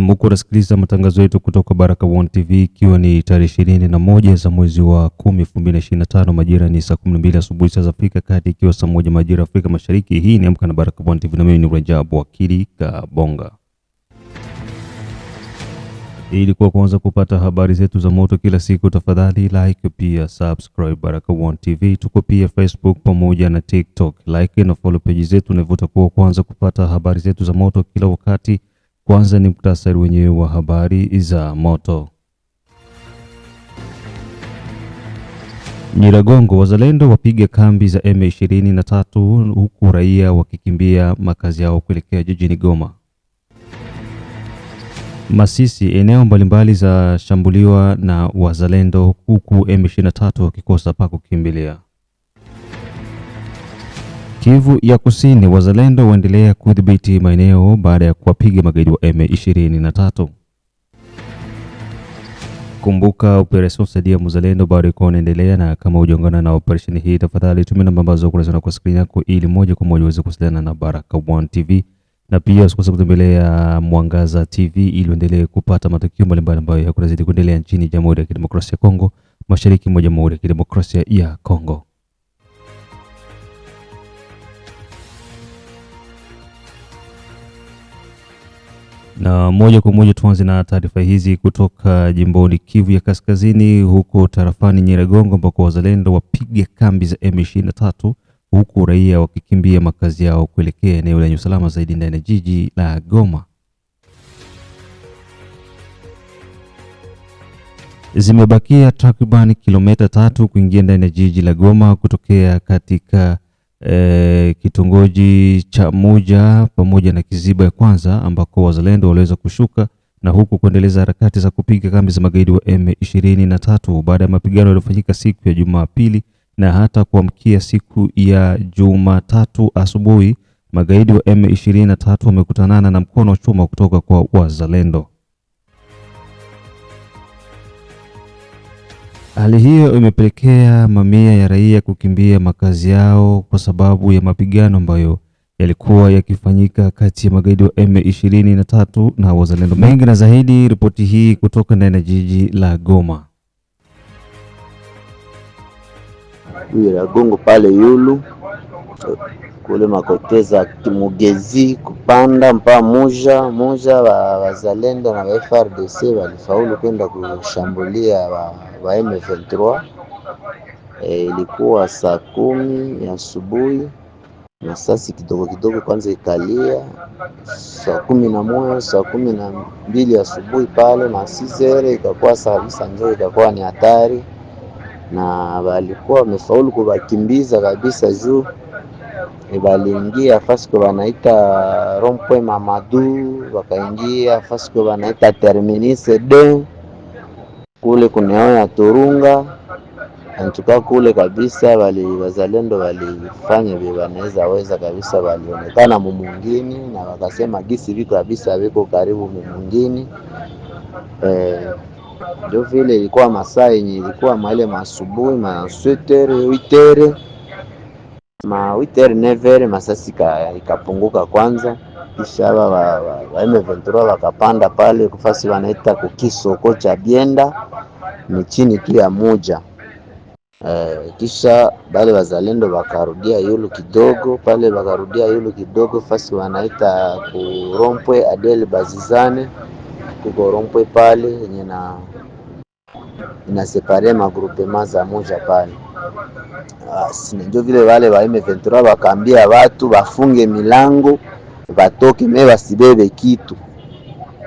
Na huku unasikiliza matangazo yetu kutoka baraka One TV ikiwa ni tarehe moja za mwezi wa 10 2025, majira ni saa 12 asubuhi saa za Afrika Kati, ikiwa saa moja majira Afrika Mashariki. Hii ni Amka na baraka One TV na mimi ni Rajabu Wakili Kabonga. Ili kuwa kwanza kupata habari zetu za moto kila siku, tafadhali like pia subscribe baraka One TV. Tuko pia Facebook pamoja na TikTok. Like na follow page zetu na vuta kuwa kwanza kupata habari zetu za moto kila wakati kwanza ni muktasari wenyewe wa habari za moto. Nyiragongo, wazalendo wapiga kambi za M23 huku raia wakikimbia makazi yao kuelekea jijini Goma. Masisi, eneo mbalimbali za shambuliwa na wazalendo huku M23 wakikosa pa kukimbilia. Kivu ya Kusini, wazalendo waendelea kudhibiti maeneo baada ya kuwapiga magaidi wa M23. Kumbuka operesheni Saidia Mzalendo bado iko inaendelea, na kama hujaungana na operesheni hii, tafadhali tumia namba ambazo unaziona kwa screen yako ili moja kwa moja uweze kuwasiliana na baraka One TV, na pia usikose kutembelea Mwangaza TV ili uendelee kupata matukio mbalimbali ambayo yanazidi kuendelea nchini Jamhuri ya Kidemokrasia ya Kongo, mashariki mwa Jamhuri ya Kidemokrasia ya Kongo. Na moja kwa moja tuanze na taarifa hizi kutoka jimboni Kivu ya Kaskazini, huko tarafani Nyiragongo ambako wazalendo wapiga kambi za M23 huku raia wakikimbia makazi yao kuelekea eneo lenye usalama zaidi ndani ya jiji la Goma. Zimebakia takribani kilomita tatu kuingia ndani ya jiji la Goma kutokea katika e, kitongoji cha Muja pamoja na Kiziba ya kwanza ambako wazalendo waliweza kushuka na huku kuendeleza harakati za kupiga kambi za magaidi wa M23 baada ya mapigano yaliyofanyika siku ya Jumapili na hata kuamkia siku ya Jumatatu asubuhi magaidi wa M23 wamekutanana na mkono wa chuma kutoka kwa wazalendo. Hali hiyo imepelekea mamia ya raia kukimbia makazi yao kwa sababu ya mapigano ambayo yalikuwa yakifanyika kati ya magaidi wa M23 na wazalendo. Mengi na zaidi, ripoti hii kutoka ndani ya jiji la Goma. la Gongo pale Yulu kule makoteza kimugezi kupanda mpa moja moja, wazalendo na FRDC walifaulu kwenda kushambulia wa wa M23 e, eh, ilikuwa saa kumi ya asubuhi na kidogo kidogo kwanza ikalia saa kumi na moja saa kumi na mbili asubuhi pale na sizere ikakuwa sabisa, njoo ikakuwa ni hatari, na walikuwa wamefaulu kubakimbiza kabisa juu baliingia eh, kwa wanaita Rompoint Mamadu, wakaingia kwa wanaita terminise de kule ya turunga antuka kule kabisa, bali wazalendo walifanya vile wanaweza weza kabisa, walionekana mumungini na wakasema gisi viko kabisa, viko karibu mumungini eh, ndio vile ilikuwa masaa yenye ilikuwa maile masubuhi maswitere witere ma witere never masasi ikapunguka kwanza kisha wa M23 wakapanda pale kufasi wanaita kukisoko cha bienda ni chini tu ya moja e, kisha bale wazalendo wakarudia yulu kidogo pale, wakarudia yulu kidogo fasi wanaita kurompwe adel bazizane kukorompwe pale yenye na inasepare magrupema za moja pale ah, ndio vile wale wa M23 wakaambia watu wafunge milango batoke me basibebe kitu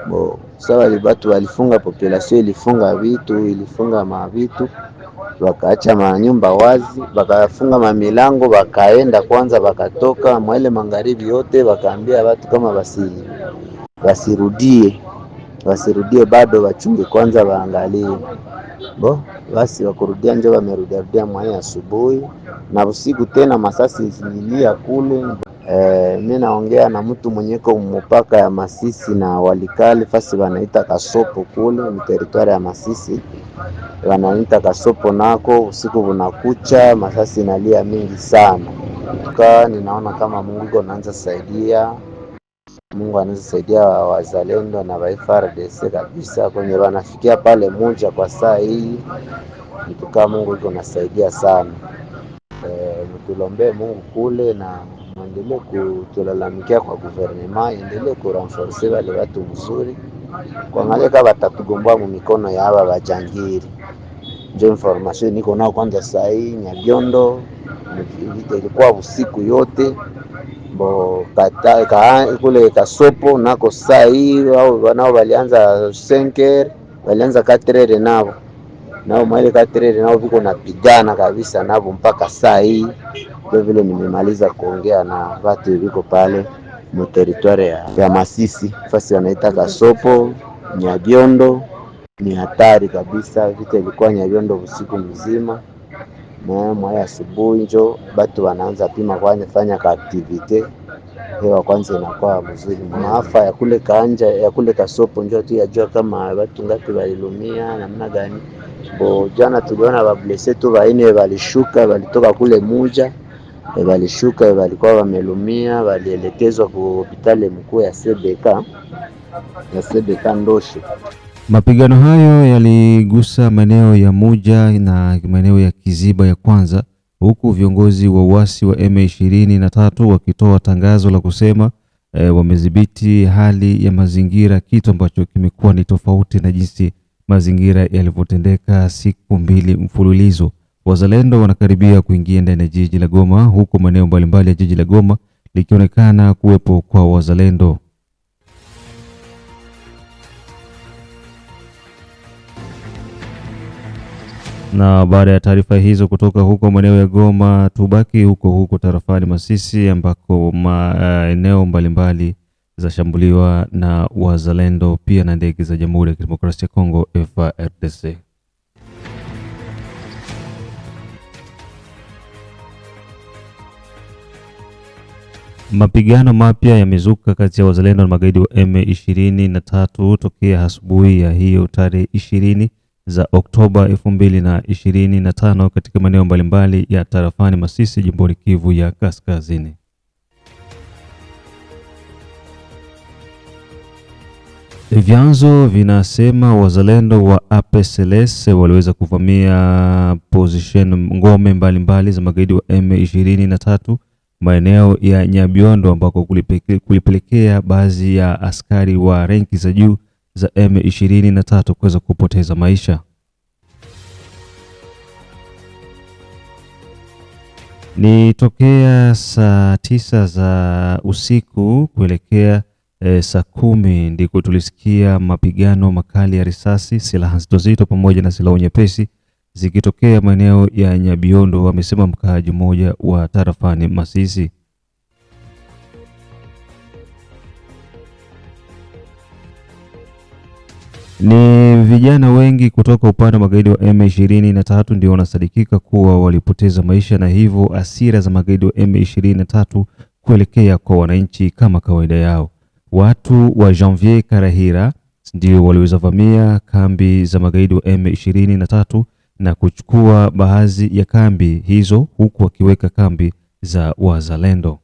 bo sawa. Batu walifunga population, ilifunga vitu, ilifunga mavitu, wakaacha manyumba wazi, bakafunga mamilango, bakaenda kwanza, wakatoka mwele magharibi yote, bakaambia watu kama basi basirudie wasirudie bado, wachunge kwanza, waangalie bo. Basi wakurudia njo wamerudiarudia mwaye asubuhi na usiku tena, masasi zililia kule. Eh, mi naongea na mtu mwenyeko mupaka ya Masisi na Walikali fasi wanaita Kasopo kule mteritwari ya Masisi wanaita Kasopo, nako usiku unakucha masasi nalia mingi sana ka ninaona kama Mungu anaanza saidia, Mungu anaanza saidia wazalendo na waFARDC kabisa kwenye wanafikia pale moja kwa saa hii, mtukaa Mungu iko nasaidia sana eh, mtulombee Mungu kule na waendelee kutulalamikia kwa guvernema, endelee kurenforce wale watu mzuri, kuangalia kama watatugomboa mu mikono ya aba bajangiri. Ndio information niko nao kwanza sahi Nyabiondo, ilikuwa usiku yote bo kata, ka, kule Kasopo nako sahi nao walianza senker, walianza katrere nao nao maile katrere nao viko napigana kabisa navo mpaka sahi kwa vile nimemaliza kuongea na watu viko pale muteritware ya, ya Masisi fasi wanaita Kasopo Nyabiondo. Ni hatari kabisa, vita ilikuwa Nyabiondo usiku mzima na mwaya asubuhi njo batu wanaanza pima kwanza fanya kaaktivite hewa kwanza inakuwa mzuri. Maafa ya kule kanja ya kule Kasopo njo tu yajua kama watu ngapi walilumia namna gani. Bo jana tuliona bablese tu vaine walishuka walitoka kule muja walishuka eh, walikuwa wamelumia, walielekezwa ku hospitali mkuu ya CBK ya CBK ndoshi Mapigano hayo yaligusa maeneo ya Muja na maeneo ya Kiziba ya kwanza, huku viongozi wa uasi wa M23 wakitoa tangazo la kusema e, wamedhibiti hali ya mazingira, kitu ambacho kimekuwa ni tofauti na jinsi mazingira yalivyotendeka siku mbili mfululizo. Wazalendo wanakaribia kuingia ndani ya jiji la Goma, huku maeneo mbalimbali ya jiji la Goma likionekana kuwepo kwa wazalendo. Na baada ya taarifa hizo kutoka huko maeneo ya Goma, tubaki huko huko tarafani Masisi ambako maeneo mbalimbali zashambuliwa na wazalendo pia na ndege za Jamhuri ya Kidemokrasia ya Kongo FARDC. Mapigano mapya yamezuka kati ya wazalendo na magaidi wa M23 tokea asubuhi ya hiyo tarehe ishirini za Oktoba 2025 katika maeneo mbalimbali ya tarafani Masisi jimboni Kivu ya Kaskazini. Vyanzo vinasema wazalendo wa APCLS waliweza kuvamia position ngome mbalimbali mbali za magaidi wa M23 maeneo ya Nyabiondo ambako kulipelekea baadhi ya askari wa renki za juu za M23 kuweza kupoteza maisha. Ni tokea saa tisa za usiku kuelekea e, saa kumi ndiko tulisikia mapigano makali ya risasi, silaha nzito nzito pamoja na silaha nyepesi zikitokea maeneo ya Nyabiondo, wamesema mkaaji mmoja wa tarafani Masisi. Ni vijana wengi kutoka upande wa magaidi wa M23 ndio wanasadikika kuwa walipoteza maisha na hivyo asira za magaidi wa M23 kuelekea kwa wananchi kama kawaida yao. Watu wa Janvier Karahira ndio waliweza vamia kambi za magaidi wa M23 na kuchukua baadhi ya kambi hizo huku wakiweka kambi za wazalendo.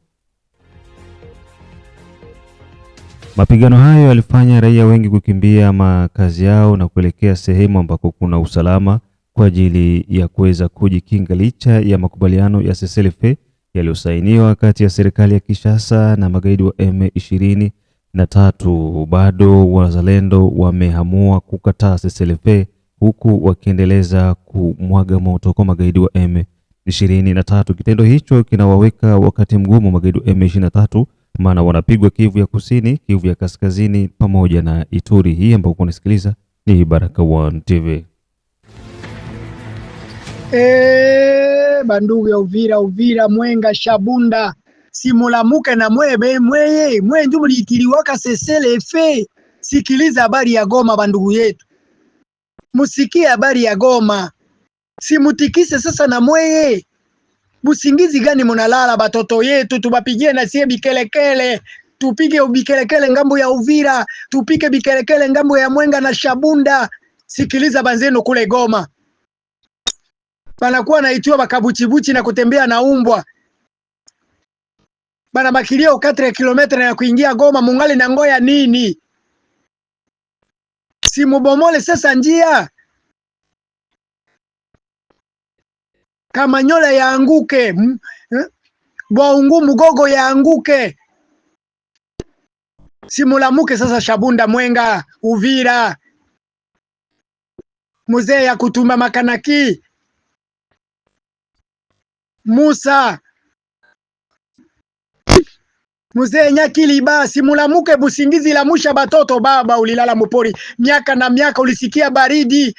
Mapigano hayo yalifanya raia wengi kukimbia makazi yao na kuelekea sehemu ambako kuna usalama kwa ajili ya kuweza kujikinga, licha ya makubaliano ya SSLF yaliyosainiwa kati ya serikali ya Kinshasa na magaidi wa M23, bado wazalendo wameamua kukataa SSLF huku wakiendeleza kumwaga moto kwa magaidi wa M23. Kitendo hicho kinawaweka wakati mgumu magaidi wa M23, maana wanapigwa Kivu ya Kusini, Kivu ya Kaskazini pamoja na Ituri. Hii ambayo unasikiliza ni Baraka One TV. E, eh, bandugu ya Uvira, Uvira, Mwenga, Shabunda simulamuke na mwebe mweye mwe ndio muliitiliwaka sesele efe. Sikiliza habari ya Goma, bandugu yetu musikie habari ya Goma, simutikise sasa na mweye. Busingizi gani munalala batoto yetu? Tubapigie na sie bikelekele, tupige bikelekele ngambo ya Uvira, tupike bikelekele ngambo ya Mwenga na Shabunda. Sikiliza banzenu kule Goma banakuwa naitiwa bakabuchibuchi na kutembea na umbwa bana bakilio 4 kilometre na kuingia Goma, mungali na ngoya nini? simubomole sasa njia, Kamanyola yaanguke, Bwaungu Mugogo yaanguke, simulamuke sasa Shabunda, Mwenga, Uvira, muzee ya kutumba makanaki Musa Mzee Nyakili basi mulamuke busingizi la musha batoto baba, ulilala mupori miaka na miaka, ulisikia baridi,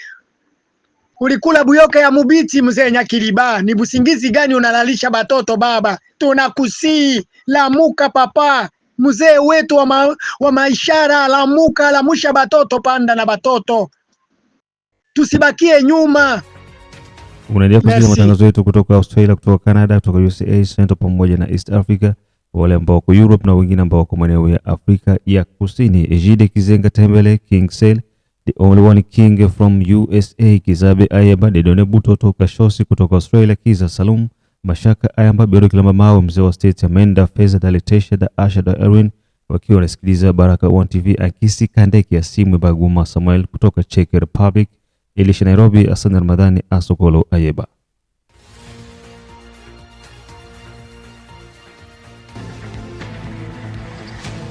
ulikula buyoka ya mubiti. Mzee Nyakili ba, ni busingizi gani unalalisha batoto baba? Tunakusii lamuka papa, mzee wetu wa, ma, wa maishara, lamuka lamusha batoto, panda na batoto, tusibakie nyuma. Unaendelea kusikia matangazo yetu kutoka Australia, kutoka Canada, kutoka USA, Central pamoja na East Africa wale ambao wako Europe na wengine ambao wako maeneo ya Afrika ya Kusini. Ejide Kizenga Tembele, King Sale, the only one king from USA, Kizabe Ayaba, Dedone Butoto Kashosi kutoka Australia, Kiza Salum Mashaka Ayamba, Biro Kilamba Mawe, mzee wa State, Amenda Feza, Dalitesha da Asha da Erwin, wakiwa wanasikiliza Baraka One TV. Akisi Kandeki ya simu Baguma Samuel kutoka Czech Republic, Elisha Nairobi, Asante Ramadhani Asokolo Ayeba.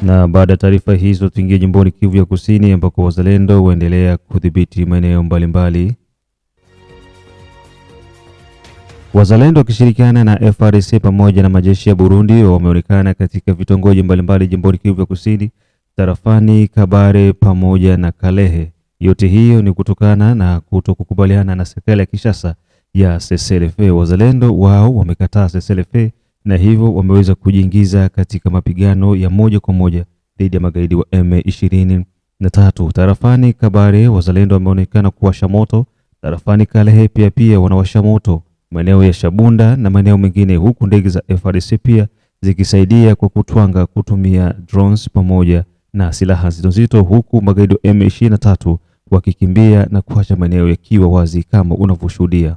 Na baada ya taarifa hizo, tuingie jimboni Kivu ya Kusini ambako wazalendo waendelea kudhibiti maeneo mbalimbali. Wazalendo wakishirikiana na frc pamoja na majeshi ya Burundi wameonekana katika vitongoji mbalimbali jimboni Kivu ya Kusini, tarafani Kabare pamoja na Kalehe. Yote hiyo ni kutokana na kutokukubaliana na serikali ya kishasa ya CCLF. Wazalendo wao wamekataa CCLF na hivyo wameweza kujiingiza katika mapigano ya moja kwa moja dhidi ya magaidi wa M23 tarafani Kabare. Wazalendo wameonekana kuwasha moto tarafani Kalehe, pia pia wanawasha moto maeneo ya Shabunda na maeneo mengine, huku ndege za FARDC pia zikisaidia kwa kutwanga kutumia drones pamoja na silaha nzito nzito, huku magaidi wa M23 wakikimbia na kuacha maeneo yakiwa wazi kama unavyoshuhudia.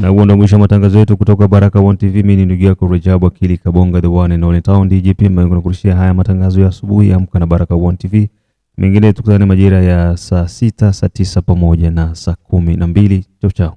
Na huo mwisho wa matangazo yetu kutoka Baraka One TV. Mimi ni ndugu yako Rajabu Akili Kabonga, the one and only town DJP, ambaye nakurushia haya matangazo ya asubuhi. Amka na Baraka One TV, mengine tukutane majira ya saa sita, saa tisa pamoja na saa kumi na mbili. Chao chao.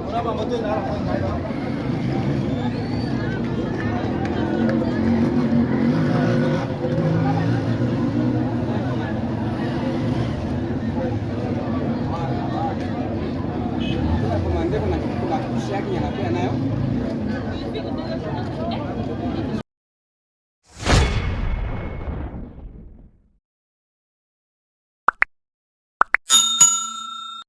Berapa betul?